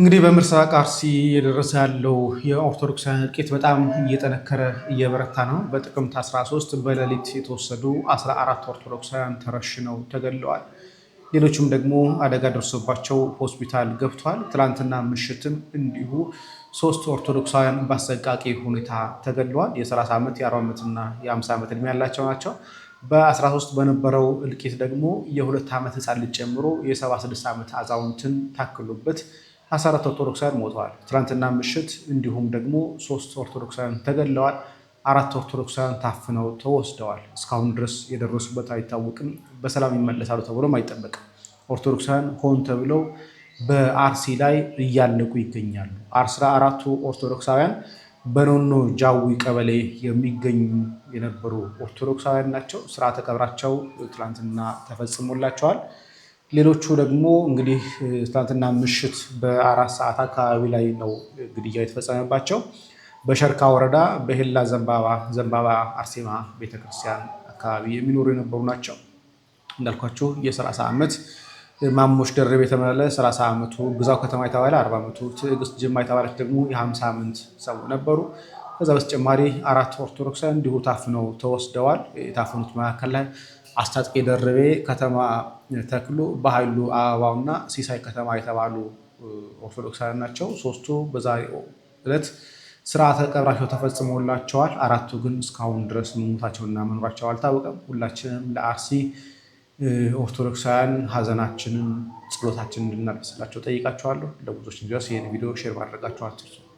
እንግዲህ በምስራቅ አርሲ እየደረሰ ያለው የኦርቶዶክሳውያን እልቂት በጣም እየጠነከረ እየበረታ ነው። በጥቅምት 13 በሌሊት የተወሰዱ 14 ኦርቶዶክሳውያን ተረሽነው ተገድለዋል። ሌሎችም ደግሞ አደጋ ደርሶባቸው ሆስፒታል ገብቷል። ትላንትና ምሽትም እንዲሁ ሶስት ኦርቶዶክሳውያን በአሰቃቂ ሁኔታ ተገድለዋል። የ30 ዓመት የ40 ዓመትና የ50 ዓመት እድሜ ያላቸው ናቸው። በ13 በነበረው እልቂት ደግሞ የሁለት ዓመት ህፃን ልጅ ጨምሮ የ76 ዓመት አዛውንትን ታክሎበት አስራ አራት ኦርቶዶክሳውያን ሞተዋል። ትናንትና ምሽት እንዲሁም ደግሞ ሶስት ኦርቶዶክሳውያን ተገለዋል። አራት ኦርቶዶክሳውያን ታፍነው ተወስደዋል። እስካሁን ድረስ የደረሱበት አይታወቅም። በሰላም ይመለሳሉ ተብሎም አይጠበቅም። ኦርቶዶክሳውያን ሆን ተብለው በአርሲ ላይ እያለቁ ይገኛሉ። አስራ አራቱ ኦርቶዶክሳውያን በኖኖ ጃዊ ቀበሌ የሚገኙ የነበሩ ኦርቶዶክሳውያን ናቸው። ስርዓተ ቀብራቸው ትናንትና ተፈጽሞላቸዋል። ሌሎቹ ደግሞ እንግዲህ ትናንትና ምሽት በአራት ሰዓት አካባቢ ላይ ነው ግድያ የተፈጸመባቸው በሸርካ ወረዳ በሄላ ዘንባባ ዘንባባ አርሴማ ቤተክርስቲያን አካባቢ የሚኖሩ የነበሩ ናቸው። እንዳልኳቸው የ30 ዓመት ማሞች ደርብ የተባለ 30 ዓመቱ፣ ግዛው ከተማ የተባለ 40 ዓመቱ፣ ትዕግስት ጅማ የተባለች ደግሞ የ50 ዓመት ሰው ነበሩ። ከዛ በተጨማሪ አራት ኦርቶዶክሳን እንዲሁ ታፍነው ተወስደዋል። የታፈኑት መካከል ላይ አስታጥቄ ደርቤ፣ ከተማ ተክሉ፣ በሀይሉ አበባውና ሲሳይ ከተማ የተባሉ ኦርቶዶክሳውያን ናቸው። ሶስቱ በዛሬው ዕለት ስርዓተ ቀብራቸው ተፈጽሞላቸዋል። አራቱ ግን እስካሁን ድረስ መሞታቸውና መኖራቸው አልታወቀም። ሁላችንም ለአርሲ ኦርቶዶክሳውያን ሀዘናችንን፣ ጸሎታችንን እንድናደርስላቸው ጠይቃቸዋለሁ። ለብዙዎች ድረስ ይህን ቪዲዮ ሼር ማድረጋቸው አትርሱ።